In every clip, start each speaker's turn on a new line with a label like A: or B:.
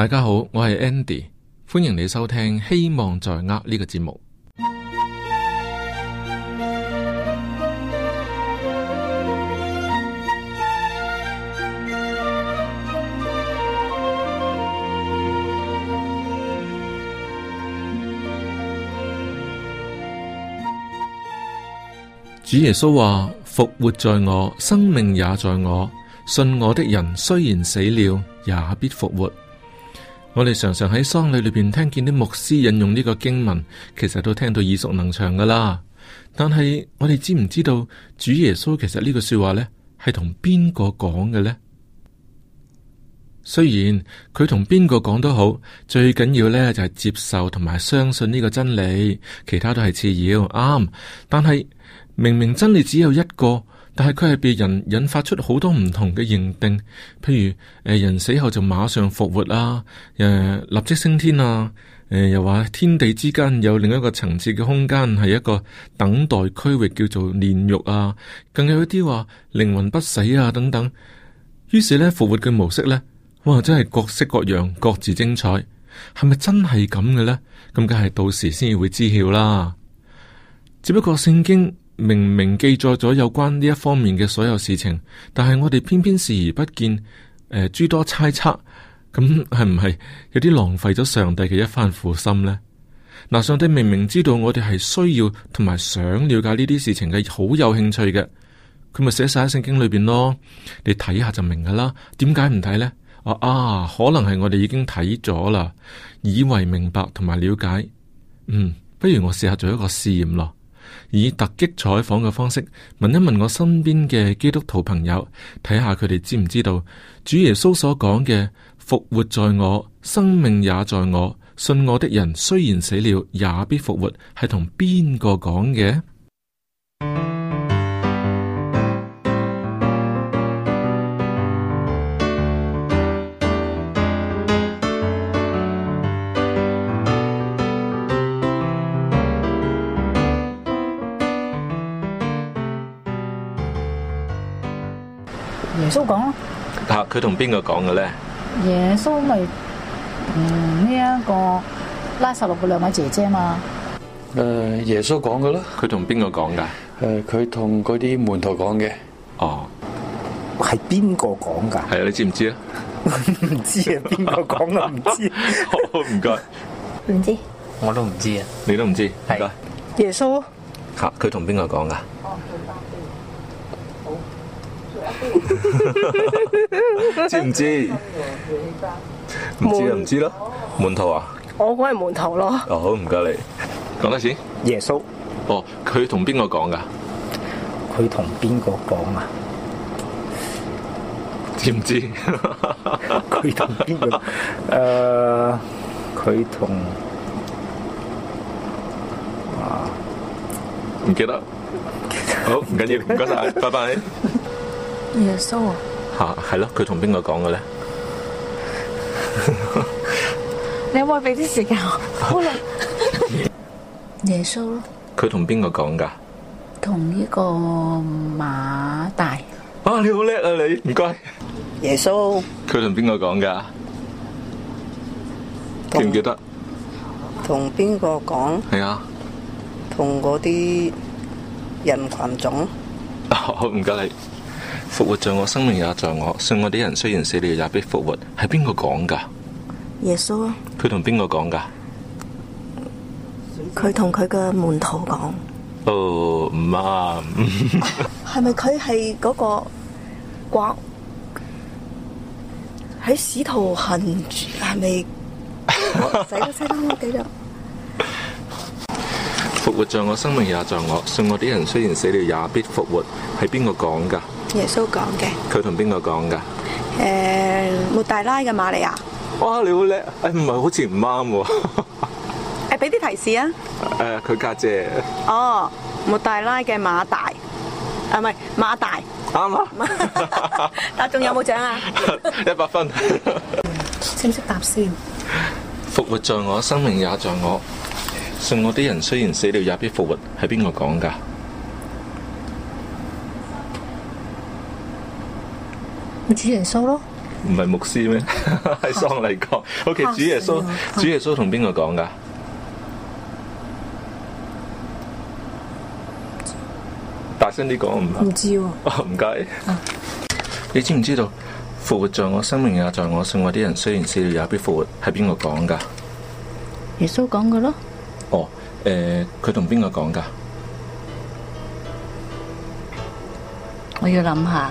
A: 大家好，我係 Andy，歡迎你收聽《希望在握》呢個節目。主耶穌話：復活在我，生命也在我。信我的人，雖然死了，也必復活。我哋常常喺喪禮裏邊聽見啲牧師引用呢個經文，其實都聽到耳熟能詳噶啦。但係我哋知唔知道主耶穌其實呢個說話呢係同邊個講嘅呢？雖然佢同邊個講都好，最緊要呢就係接受同埋相信呢個真理，其他都係次要。啱，但係明明真理只有一個。但係佢係被人引發出好多唔同嘅認定，譬如，誒、呃、人死後就馬上復活啊，誒、呃、立即升天啊，誒、呃、又話天地之間有另一個層次嘅空間係一個等待區域，叫做煉獄啊，更有一啲話靈魂不死啊等等。於是呢，復活嘅模式呢，哇，真係各式各樣，各自精彩。係咪真係咁嘅呢？咁梗係到時先至會知曉啦。只不過聖經。明明記載咗有關呢一方面嘅所有事情，但係我哋偏偏視而不見，誒、呃，諸多猜測，咁係唔係有啲浪費咗上帝嘅一番苦心呢？嗱、啊，上帝明明知道我哋係需要同埋想了解呢啲事情嘅，好有興趣嘅，佢咪寫晒喺聖經裏邊咯？你睇下就明噶啦，點解唔睇呢？啊啊，可能係我哋已經睇咗啦，以為明白同埋了解，嗯，不如我試下做一個試驗咯。以突擊採訪嘅方式問一問我身邊嘅基督徒朋友，睇下佢哋知唔知道主耶穌所講嘅復活在我，生命也在我，信我的人雖然死了，也必復活，係同邊個講嘅？耶穌講咯，吓佢同邊個講嘅咧？耶穌咪嗯呢一個拉撒路嘅兩位姐姐嘛？誒，耶穌講嘅咯，佢同邊個講噶？誒，佢同嗰啲門徒講嘅。哦，係邊個講噶？係啊，你知唔知啊？唔知啊，邊個講啊？唔知，好唔該，唔知，我都唔知啊，你都唔知，唔該。耶穌吓，佢同邊個講噶？知唔知？唔知就唔知咯。門徒啊？我講係門徒咯。哦，好，唔該你。講多次。耶穌。哦，佢同邊個講㗎？佢同邊個講啊？知唔知？佢同邊個？誒，佢同啊，唔記得。好，唔緊要，唔該晒，拜拜。耶穌啊吓，係咯，佢同邊個講嘅咧？你可唔可以俾啲時間我？好啦，耶穌咯，佢同邊個講噶？同呢個馬大啊！你好叻啊！你唔該。耶穌，佢同邊個講噶？記唔記得？同邊個講？係啊，同嗰啲人群眾。好唔該你。復活在我，生命也在我。信我啲人雖然死了也必復活，係邊個講噶？耶穌啊！佢同邊個講噶？佢同佢嘅門徒講。哦、oh, 媽，唔 啱、那個。係咪佢係嗰個國喺使徒行？住。係咪？復 活在我，生命也在我。信我啲人雖然死了也必復活，係邊個講噶？耶穌講嘅，佢同邊個講噶？誒、呃，抹大拉嘅瑪利亞。哇，你好叻！誒、哎，唔係好似唔啱喎。誒、 呃，俾啲提示啊。誒、呃，佢家姐，姐。哦，莫大拉嘅馬大，啊唔係馬大，啱啊！答中有冇獎啊？一百、啊、 分。識唔識答先？復活在我，生命也在我。信我啲人雖然死了也必復活，係邊個講噶？我主耶穌咯，唔係牧師咩？係桑麗講。O K，主耶穌，主耶穌同邊個講噶？大聲啲講唔得。唔知喎。啊，唔該。啊，你知唔知道復活在我生命也，在我信我啲人雖然死了也必復活，係邊個講噶？耶穌講噶咯。哦，誒，佢同邊個講噶？我要諗下。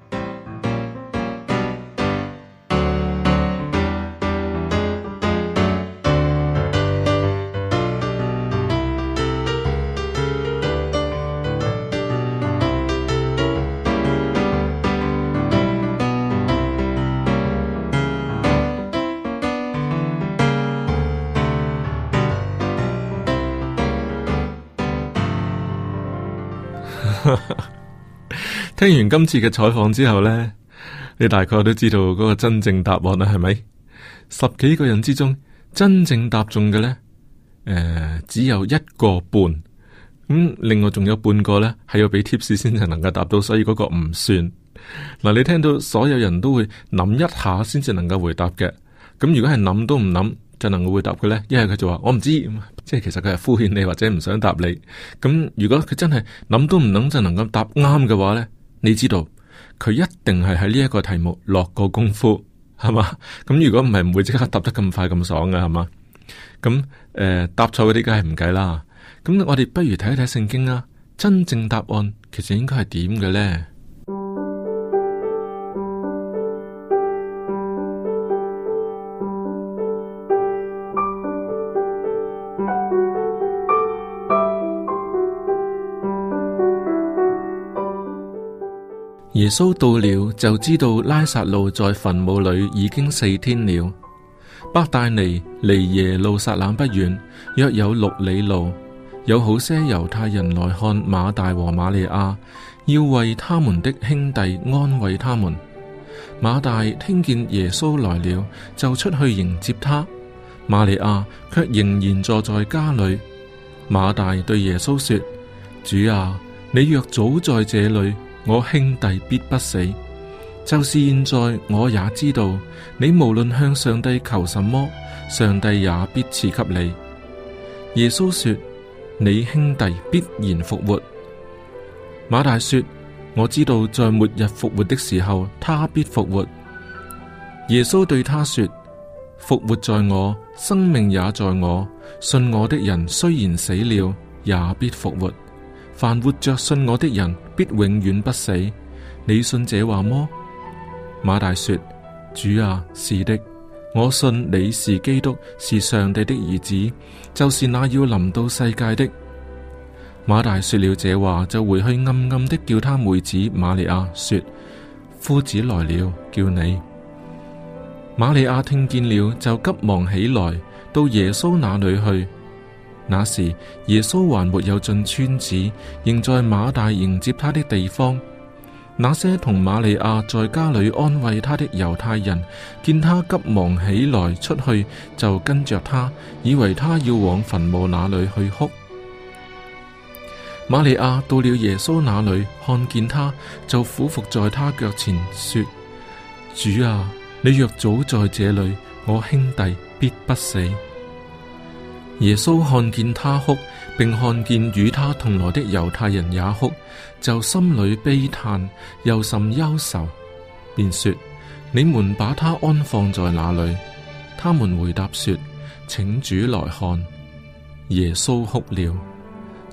A: 聽完今次嘅採訪之後呢，你大概都知道嗰個真正答案啦，係咪？十幾個人之中真正答中嘅呢，誒、呃，只有一個半，咁、嗯、另外仲有半個呢，係要俾 tips 先至能夠答到，所以嗰個唔算。嗱、嗯，你聽到所有人都會諗一下先至能夠回答嘅，咁、嗯、如果係諗都唔諗就能夠回答嘅呢？一係佢就話我唔知，即係其實佢係敷衍你或者唔想答你。咁、嗯、如果佢真係諗都唔諗就能夠答啱嘅話呢。你知道佢一定係喺呢一個題目落過功夫，係嘛？咁如果唔係，唔會即刻答得咁快咁爽㗎，係嘛？咁誒、呃，答錯嗰啲梗係唔計啦。咁我哋不如睇一睇聖經啦，真正答案其實應該係點嘅咧？耶穌到了，就知道拉撒路在墳墓裏已經四天了。伯大尼離耶路撒冷不遠，約有六里路。有好些猶太人來看馬大和馬利亞，要為他們的兄弟安慰他們。馬大聽見耶穌來了，就出去迎接他。馬利亞卻仍然坐在家裏。馬大對耶穌說：主啊，你若早在這裏，我兄弟必不死，就是現在我也知道，你無論向上帝求什麼，上帝也必賜給你。耶穌說：你兄弟必然復活。馬大說：我知道，在末日復活的時候，他必復活。耶穌對他說：復活在我，生命也在我，信我的人雖然死了，也必復活。凡活着信我的人，必永遠不死，你信這話麼？馬大說：主啊，是的，我信你是基督，是上帝的兒子，就是那要臨到世界的。馬大說了這話，就回去暗暗的叫他妹子馬利亞說：夫子來了，叫你。馬利亞聽見了，就急忙起來，到耶穌那裏去。那時耶穌還沒有進村子，仍在馬大迎接他的地方。那些同瑪利亞在家裏安慰他的猶太人，見他急忙起來出去，就跟着他，以為他要往墳墓那裏去哭。瑪利亞到了耶穌那裏，看見他，就俯伏在他腳前說：主啊，你若早在這裏，我兄弟必不死。耶穌看見他哭，並看見與他同來的猶太人也哭，就心裏悲嘆，又甚憂愁，便說：你們把他安放在哪裏？他們回答說：請主來看。耶穌哭了。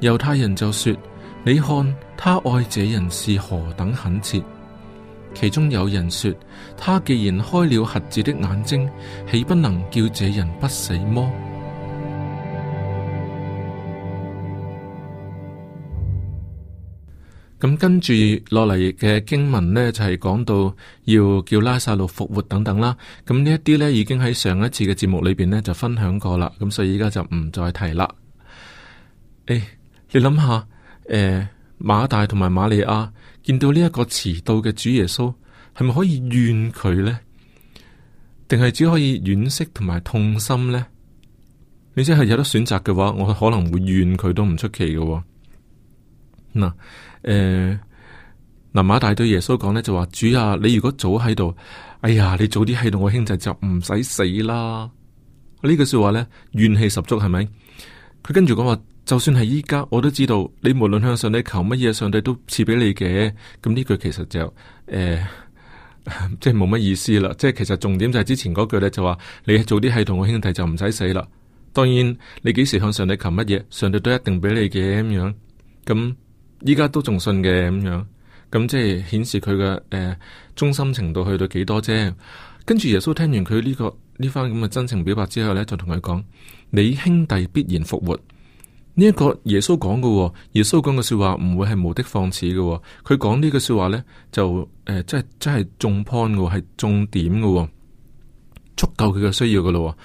A: 猶太人就說：你看他愛這人是何等懇切。其中有人說：他既然開了瞎子的眼睛，豈不能叫這人不死麼？咁跟住落嚟嘅經文呢，就係、是、講到要叫拉撒路復活等等啦。咁呢一啲呢，已經喺上一次嘅節目裏邊呢，就分享過啦。咁所以依家就唔再提啦、哎。你諗下，誒、呃，馬大同埋馬利亞見到呢一個遲到嘅主耶穌，係咪可以怨佢呢？定係只可以惋惜同埋痛心呢？你真係有得選擇嘅話，我可能會怨佢都唔出奇嘅。嗱，誒、嗯，嗱、嗯，馬大對耶穌講呢，就話：主啊，你如果早喺度，哎呀，你早啲喺度，我兄弟就唔使死啦。呢句、這個、說話呢，怨氣十足，係咪？佢跟住講話，就算係依家，我都知道你無論向上帝求乜嘢，上帝都賜俾你嘅。咁呢句其實就誒、嗯， 即係冇乜意思啦。即係其實重點就係之前嗰句呢，就話：你早啲喺度，我兄弟就唔使死啦。當然，你幾時向上帝求乜嘢，上帝都一定俾你嘅咁樣。咁依家都仲信嘅咁樣，咁即係顯示佢嘅誒忠心程度去到幾多啫。跟住耶穌聽完佢呢個呢番咁嘅真情表白之後呢，就同佢講：你兄弟必然復活。呢一個耶穌講嘅，耶穌講嘅說話唔會係無的放矢嘅。佢講呢句說話呢，就誒，即係真係重 point 嘅，係重點嘅，足夠佢嘅需要嘅咯。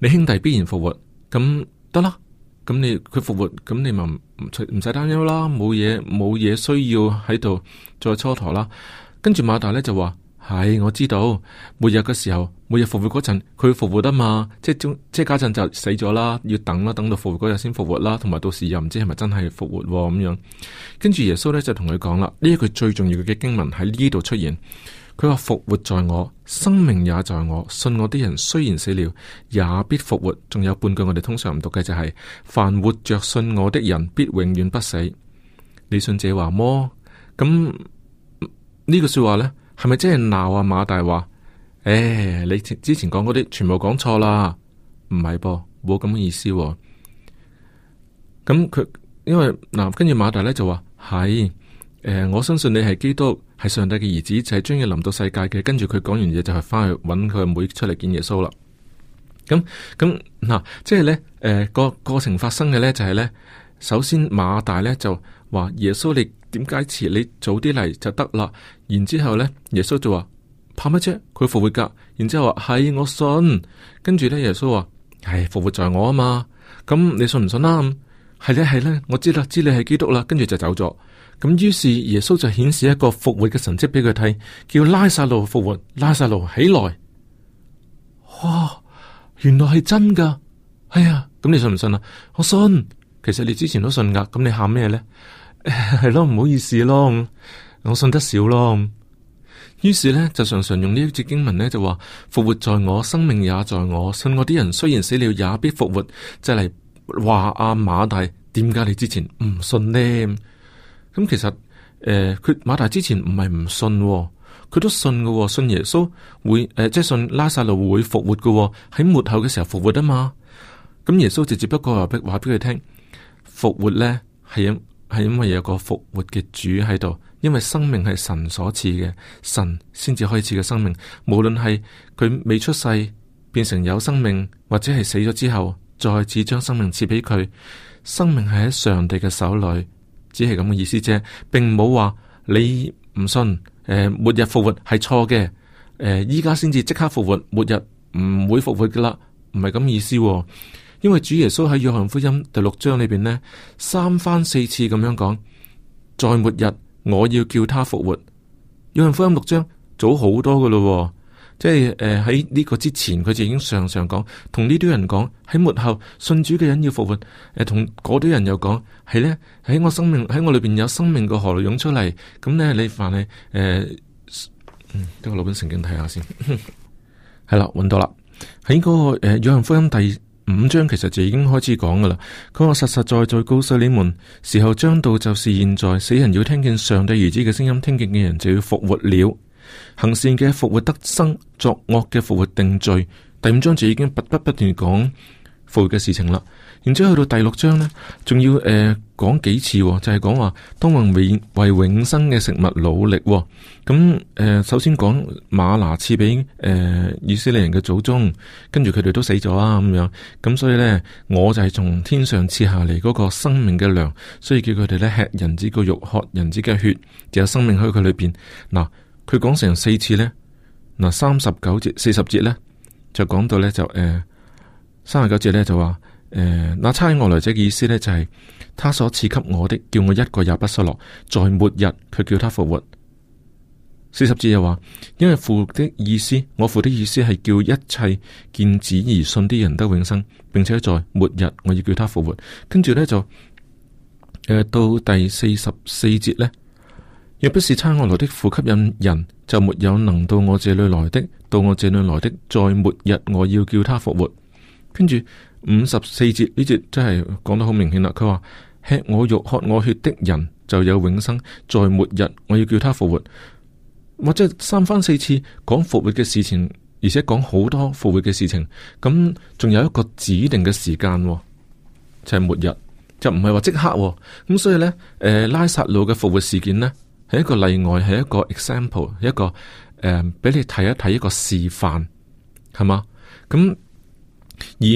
A: 你兄弟必然復活，咁得啦。咁你佢復活，咁、嗯、你咪唔唔使唔使擔憂啦，冇嘢冇嘢需要喺度再蹉跎啦。跟住馬大咧就話：，係、哎、我知道，末日嘅時候，末日復活嗰陣，佢復活啊嘛，即係即係家陣就死咗啦，要等啦，等到復活嗰日先復活啦，同埋到時又唔知係咪真係復活咁樣。跟住耶穌咧就同佢講啦，呢一句最重要嘅經文喺呢度出現。佢話復活在我，生命也在我。信我啲人雖然死了，也必復活。仲有半句我哋通常唔讀嘅就係、是：凡活着信我的人，必永遠不死。你信者這話麼？咁呢句說話呢，係咪真係鬧啊？馬大話，誒、哎，你之前講嗰啲全部講錯啦，唔係噃，冇咁嘅意思、喎。咁佢因為嗱，跟住馬大呢就話係、哎，我相信你係基督。係上帝嘅兒子，就係將要臨到世界嘅。跟住佢講完嘢就係、是、翻去揾佢妹,妹出嚟見耶穌啦。咁咁嗱，即係呢誒個過程發生嘅、就是、呢，就係呢：首先馬大呢就話耶穌你點解遲？你早啲嚟就得啦。然之後呢，耶穌就話怕乜啫？佢復活噶。然之後話係我信。跟住呢，耶穌話係復活在我啊嘛。咁、嗯、你信唔信啊？係咧，係咧，我知啦，知你係基督啦，跟住就走咗。咁於是耶穌就顯示一個復活嘅神蹟俾佢睇，叫拉撒路復活，拉撒路起來。哇，原來係真噶，哎呀，咁你信唔信啊？我信。其實你之前都信噶，咁你喊咩呢？係咯，唔好意思咯，我信得少咯。於是呢，就常常用呢一節經文呢，就話復活在我，生命也在我，信我啲人雖然死了也必復活，就嚟。話阿、啊、馬大，點解你之前唔信呢？咁其實誒，佢、呃、馬大之前唔係唔信、哦，佢都信嘅、哦，信耶穌會誒、呃，即係信拉撒路會復活嘅、哦，喺末後嘅時候復活啊嘛。咁耶穌就只不過話俾話俾佢聽，復活咧係因係因為有個復活嘅主喺度，因為生命係神所賜嘅，神先至開始嘅生命，無論係佢未出世變成有生命，或者係死咗之後。再次將生命賜俾佢，生命係喺上帝嘅手裏，只係咁嘅意思啫，並冇話你唔信，誒、呃、末日復活係錯嘅，誒依家先至即刻復活，末日唔會復活噶啦，唔係咁意思、哦。因為主耶穌喺約翰福音第六章裏邊呢，三番四次咁樣講，在末日我要叫他復活。約翰福音六章早好多噶啦、哦。即係誒，喺、呃、呢個之前，佢就已經常常講，同呢堆人講喺末後信主嘅人要復活，誒、呃，同嗰啲人又講係呢，喺我生命喺我裏邊有生命嘅河流湧出嚟。咁呢，你凡係誒，嗯、呃，等我攞本聖經睇下先，係啦，揾到啦，喺嗰、那個誒，約翰福音第五章，其實就已經開始講噶啦，佢話實實在在告訴你們，時候將到就是現在，死人要聽見上帝兒子嘅聲音，聽見嘅人就要復活了。行善嘅復活得生，作惡嘅復活定罪。第五章就已經不不不斷講復活嘅事情啦。然之後去到第六章呢，仲要誒、呃、講幾次、哦，就係、是、講話當人為為永生嘅食物努力、哦。咁、嗯、誒、呃，首先講馬拿賜俾誒以色列人嘅祖宗，跟住佢哋都死咗啦咁樣。咁所以呢，我就係從天上賜下嚟嗰個生命嘅糧，所以叫佢哋呢，吃人子嘅肉，喝人子嘅血，就有生命喺佢裏邊嗱。佢講成四次呢，嗱三十九節、四十節呢，就講到呢，就誒、呃、三十九節呢，就話誒、呃、那差我來者嘅意思呢，就係、是、他所賜給我的，叫我一個也不失落，在末日佢叫他復活。四十節又話，因為父的意思，我父的意思係叫一切見子而信啲人都永生，並且在末日我要叫他復活。跟住呢，就誒、呃、到第四十四節呢。若不是差我來的父吸引人，就沒有能到我這裏來的。到我這裏來的，在末日我要叫他復活。跟住五十四節呢節真係講得好明顯啦。佢話吃我肉、喝我血的人就有永生。在末日我要叫他復活。我即係三番四次講復活嘅事情，而且講好多復活嘅事情。咁仲有一個指定嘅時間，就係、是、末日，就唔係話即刻咁。所以呢，誒、呃，拉撒路嘅復活事件呢。係一個例外，係一個 example，一個誒，俾、呃、你睇一睇一個示範，係嘛？咁而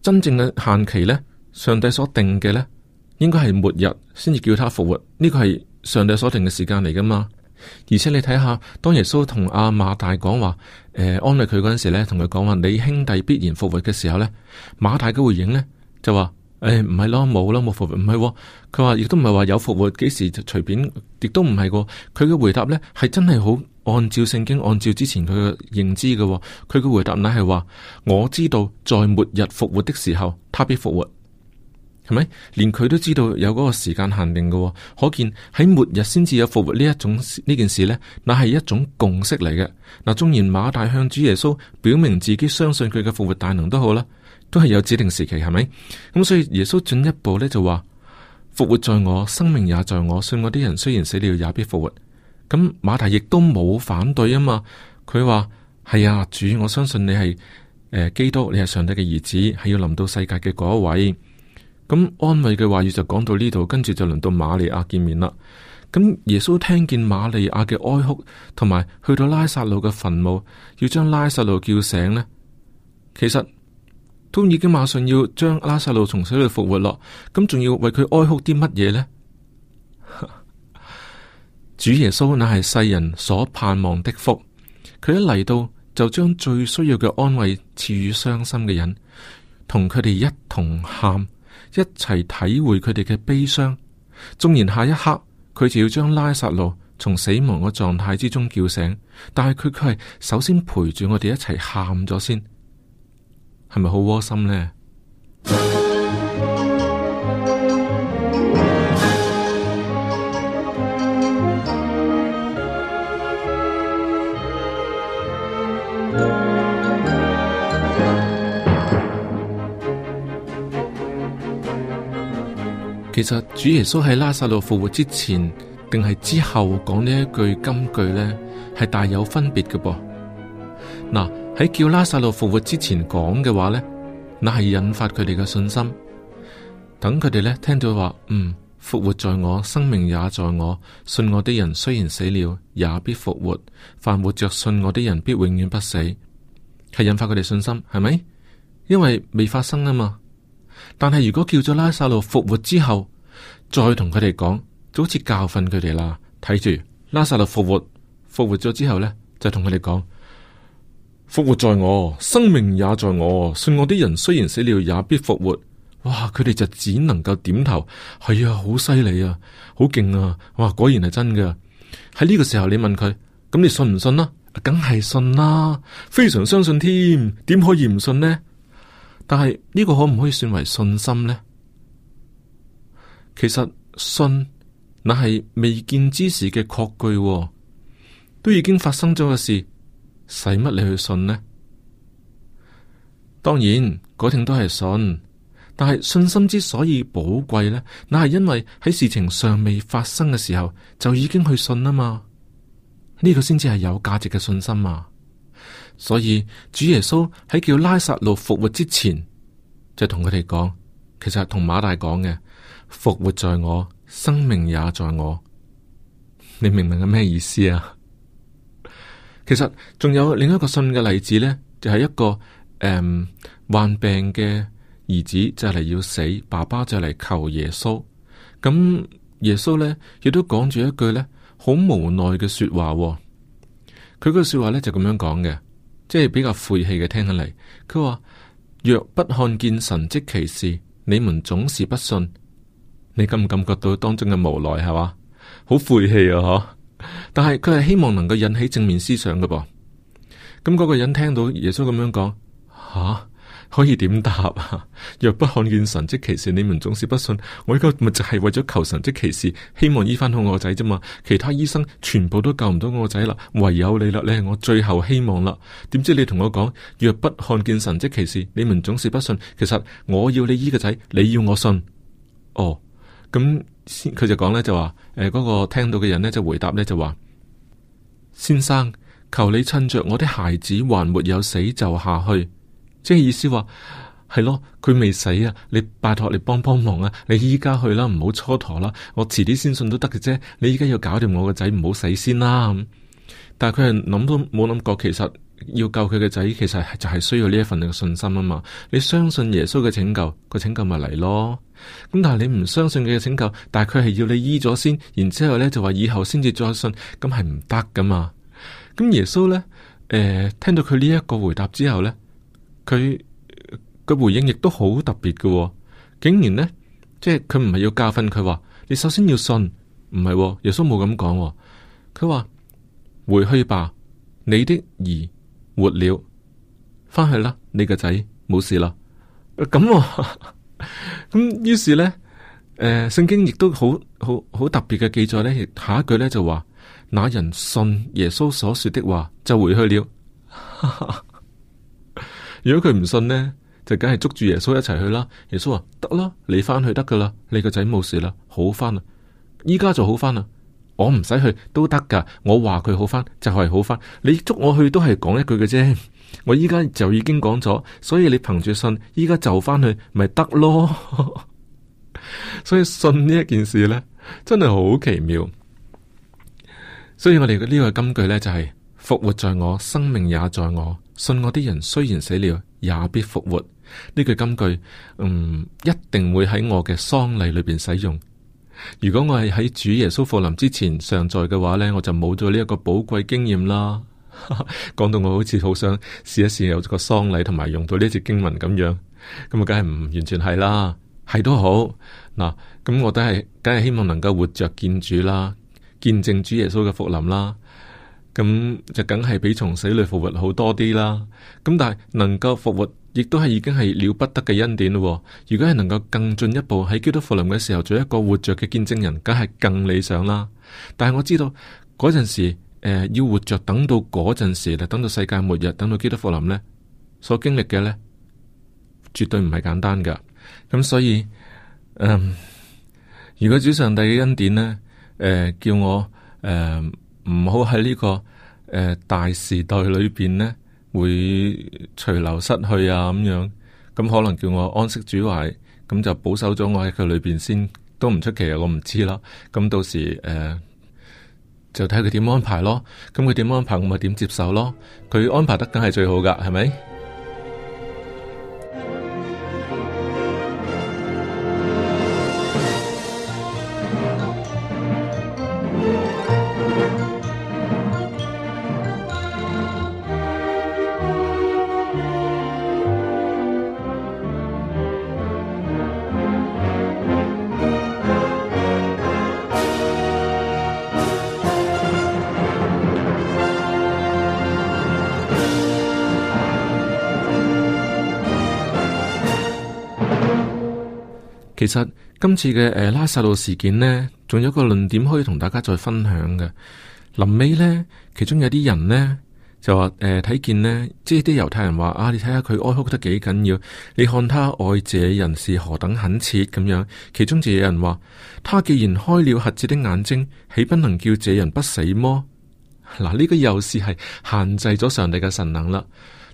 A: 真正嘅限期呢，上帝所定嘅呢，應該係末日先至叫他復活。呢、這個係上帝所定嘅時間嚟㗎嘛？而且你睇下，當耶穌同阿馬大講話，誒、呃、安慰佢嗰陣時咧，同佢講話你兄弟必然復活嘅時候呢，馬大嘅回應呢，就話。誒，唔係咯，冇咯，冇復活，唔係。佢話亦都唔係話有復活，幾時就隨便，亦都唔係個。佢嘅回答呢，係真係好按照聖經，按照之前佢嘅認知嘅。佢嘅回答嗱係話，我知道在末日復活的時候，他必復活，係咪？連佢都知道有嗰個時間限定嘅。可見喺末日先至有復活呢一種呢件事呢，那係一種共識嚟嘅。嗱，縱然馬大向主耶穌表明自己相信佢嘅復活大能都好啦。都係有指定時期，係咪咁？所以耶穌進一步呢，就話復活在我，生命也在我，信我啲人雖然死了也必復活。咁馬大亦都冇反對啊嘛。佢話係啊，主，我相信你係、呃、基督，你係上帝嘅兒子，係要臨到世界嘅嗰一位。咁安慰嘅話語就講到呢度，跟住就輪到瑪利亞見面啦。咁耶穌聽見瑪利亞嘅哀哭，同埋去到拉撒路嘅墳墓，要將拉撒路叫醒呢。其實。都已經馬上要將拉撒路從死裏復活咯，咁仲要為佢哀哭啲乜嘢呢？ 主耶穌乃係世人所盼望的福，佢一嚟到就將最需要嘅安慰賜予傷心嘅人，同佢哋一同喊，一齊體會佢哋嘅悲傷。縱然下一刻佢就要將拉撒路從死亡嘅狀態之中叫醒，但係佢佢係首先陪住我哋一齊喊咗先。係咪好窩心呢？其實主耶穌喺拉撒路復活之前，定係之後講呢一句金句呢？係大有分別嘅噃。嗱。喺叫拉撒路復活之前講嘅話呢，那係引發佢哋嘅信心。等佢哋呢聽到話，嗯，復活在我，生命也在我，信我的人雖然死了，也必復活；凡活着信我的人，必永遠不死。係引發佢哋信心，係咪？因為未發生啊嘛。但係如果叫咗拉撒路復活之後，再同佢哋講，就好似教訓佢哋啦。睇住拉撒路復活，復活咗之後呢，就同佢哋講。復活在我，生命也在我。信我的人雖然死了，也必復活。哇！佢哋就只能夠點頭。係、哎、啊，好犀利啊，好勁啊！哇，果然係真嘅。喺呢個時候，你問佢，咁你信唔信啊？梗、啊、係信啦、啊，非常相信添、啊。點可以唔信呢？但係呢、這個可唔可以算為信心呢？其實信，乃係未見之時嘅確據，都已經發生咗嘅事。使乜你去信呢？當然，嗰聽都係信，但係信心之所以寶貴呢，那係因為喺事情尚未發生嘅時候就已經去信啊嘛。呢個先至係有價值嘅信心啊！所以主耶穌喺叫拉撒路復活之前，就同佢哋講，其實係同馬大講嘅，復活在我，生命也在我。你明唔明係咩意思啊？其實仲有另一個信嘅例子呢，就係、是、一個誒、嗯、患病嘅兒子就嚟要死，爸爸就嚟求耶穌。咁耶穌呢，亦都講住一句呢好無奈嘅說話、哦。佢個說話呢，就咁、是、樣講嘅，即係比較晦氣嘅，聽起嚟。佢話若不看見神迹奇事，你們總是不信。你感唔感覺到當中嘅無奈係嘛？好晦氣啊！嗬。但係佢係希望能夠引起正面思想嘅噃，咁、嗯、嗰、那個人聽到耶穌咁樣講，吓、啊、可以點答啊？若不看見神蹟奇事，你們總是不信。我依家咪就係為咗求神蹟奇事，希望醫翻好我仔啫嘛。其他醫生全部都救唔到我仔啦，唯有你啦，你係我最後希望啦。點知你同我講，若不看見神蹟奇事，你們總是不信。其實我要你醫個仔，你要我信哦，咁、嗯。佢就講呢，就話，誒、呃、嗰、個聽到嘅人呢，就回答呢，就話，先生求你趁着我的孩子還沒有死就下去，即係意思話係咯，佢未死啊，你拜託你幫幫忙啊，你依家去啦，唔好蹉跎啦，我遲啲先信都得嘅啫，你依家要搞掂我個仔，唔好死先啦。但係佢係諗都冇諗過其實。要救佢嘅仔，其實就係需要呢一份嘅信心啊嘛。你相信耶穌嘅拯救，個拯救咪嚟咯。咁但係你唔相信佢嘅拯救，但係佢係要你醫咗先，然之後呢就話以後先至再信，咁係唔得噶嘛。咁耶穌呢，誒、呃，聽到佢呢一個回答之後呢，佢個回應亦都好特別噶、哦，竟然呢，即係佢唔係要教訓佢話，你首先要信，唔係、哦，耶穌冇咁講，佢話回去吧，你的兒。活了，翻去啦！你個仔冇事啦，咁、啊、咁，於、啊、 是呢，誒、呃，聖經亦都好好好特別嘅記載呢下一句呢就，就話，那人信耶穌所說的話，就回去了。 如果佢唔信呢，就梗係捉住耶穌一齊去啦。耶穌話、啊：得啦，你翻去得噶啦，你個仔冇事啦，好翻啦，依家就好翻啦。我唔使去都得噶，我話佢好翻就係、是、好翻。你捉我去都係講一句嘅啫。我依家就已經講咗，所以你憑住信，依家就翻去咪得咯。 所以信呢一件事呢，真係好奇妙。所以我哋嘅呢個金句呢、就是，就係復活在我，生命也在我。信我啲人雖然死了，也必復活。呢句金句，嗯，一定會喺我嘅喪禮裏邊使用。如果我係喺主耶穌復臨之前尚在嘅話呢，我就冇咗呢一個寶貴經驗啦。講 到我好似好想試一試有一個喪禮同埋用到呢節經文咁樣，咁啊梗係唔完全係啦，係都好嗱，咁我都係梗係希望能夠活着見主啦，見證主耶穌嘅復臨啦。咁就梗係比從死裏復活好多啲啦。咁但係能夠復活，亦都係已經係了不得嘅恩典咯。如果係能夠更進一步喺基督復臨嘅時候做一個活着嘅見證人，梗係更理想啦。但係我知道嗰陣時，誒、呃、要活着等到嗰陣時，就等到世界末日，等到基督復臨呢，所經歷嘅呢，絕對唔係簡單噶。咁所以，嗯，如果主上帝嘅恩典呢，誒、呃、叫我，誒、呃。唔好喺呢個誒、呃、大時代裏邊咧，會隨流失去啊咁樣，咁可能叫我安息主懷，咁就保守咗我喺佢裏邊先，都唔出奇啊！我唔知啦，咁到時誒、呃、就睇佢點安排咯，咁佢點安排我咪點接受咯，佢安排得梗係最好噶，係咪？其實今次嘅誒，拉薩路事件呢，仲有一個論點可以同大家再分享嘅。臨尾呢，其中有啲人呢，就話：誒、呃，睇見呢，即係啲猶太人話啊，你睇下佢哀哭得幾緊要，你看他愛這人是何等懇切咁樣。其中有人話：他既然開了瞎子的眼睛，豈不能叫這人不死麼？嗱，呢、這個又是係限制咗上帝嘅神能啦。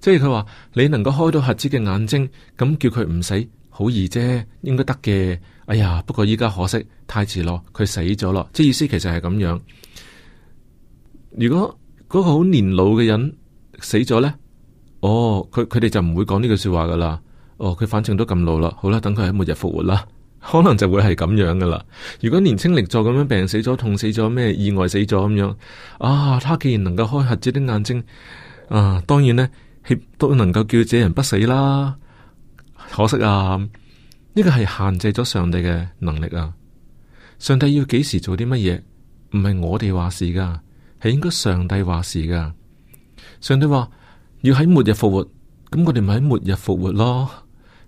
A: 即係佢話你能夠開到瞎子嘅眼睛，咁叫佢唔死。好易啫，應該得嘅。哎呀，不過依家可惜太遲咯，佢死咗咯。即係意思其實係咁樣。如果嗰個好年老嘅人死咗呢？哦，佢佢哋就唔會講呢句說話噶啦。哦，佢反正都咁老啦，好啦，等佢喺末日復活啦，可能就會係咁樣噶啦。如果年輕力壯咁樣病死咗，痛死咗，咩意外死咗咁樣，啊，他既然能夠開瞎子的眼睛，啊，當然呢，都能夠叫這人不死啦。可惜啊，呢個係限制咗上帝嘅能力啊！上帝要幾時做啲乜嘢，唔係我哋話事噶，係應該上帝話事噶。上帝話要喺末日復活，咁我哋咪喺末日復活咯。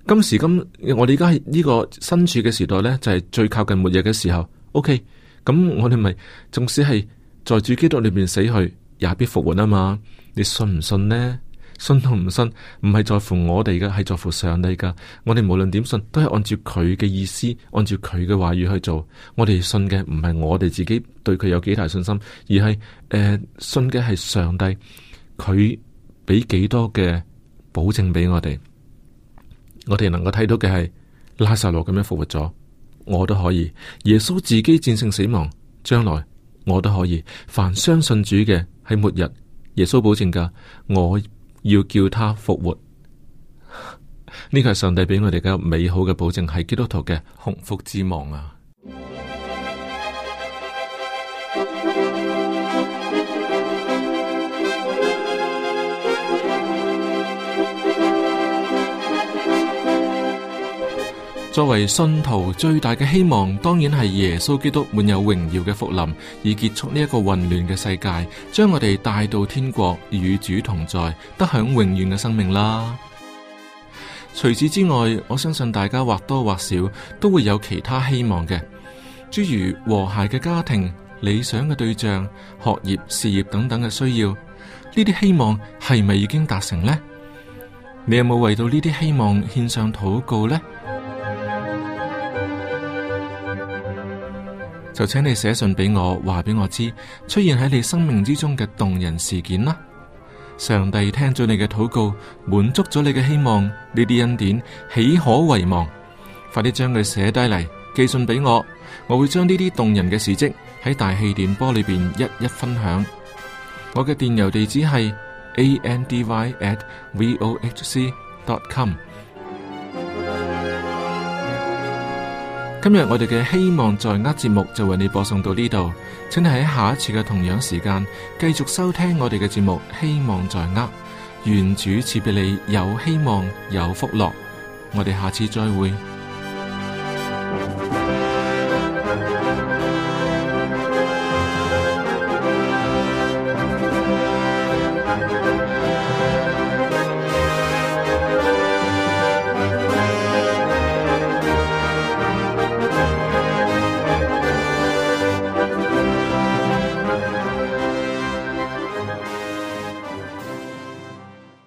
A: 今時今我哋而家喺呢個身處嘅時代咧，就係最靠近末日嘅時候。OK，咁我哋咪，縱使係在主基督裏邊死去，也必復活啊嘛！你信唔信呢？信同唔信，唔係在乎我哋嘅，係在乎上帝噶。我哋無論點信，都係按照佢嘅意思，按照佢嘅話語去做。我哋信嘅唔係我哋自己對佢有幾大信心，而係誒、呃、信嘅係上帝，佢俾幾多嘅保證俾我哋。我哋能夠睇到嘅係拉撒羅咁樣復活咗，我都可以。耶穌自己戰勝死亡，將來我都可以。凡相信主嘅，喺末日耶穌保證噶我。要叫他復活，呢個係上帝俾我哋嘅美好嘅保證，係基督徒嘅鴻福之望啊！作為信徒最大嘅希望，當然係耶穌基督滿有榮耀嘅福臨，以結束呢一個混亂嘅世界，將我哋帶到天國，與主同在，得享永遠嘅生命啦。除此之外，我相信大家或多或少都會有其他希望嘅，諸如和諧嘅家庭、理想嘅對象、學業、事業等等嘅需要。呢啲希望係咪已經達成呢？你有冇為到呢啲希望獻上禱告呢？就請你寫信俾我，話俾我知出現喺你生命之中嘅動人事件啦。上帝聽咗你嘅禱告，滿足咗你嘅希望，呢啲恩典豈可遺忘？快啲將佢寫低嚟，寄信俾我，我會將呢啲動人嘅事跡喺大氣電波裏邊一一分享。我嘅電郵地址係 a n d y at v o h c dot com。今日我哋嘅希望在握節目就為你播送到呢度，請你喺下一次嘅同樣時間繼續收聽我哋嘅節目。希望在握，願主賜俾你有希望有福樂。我哋下次再會。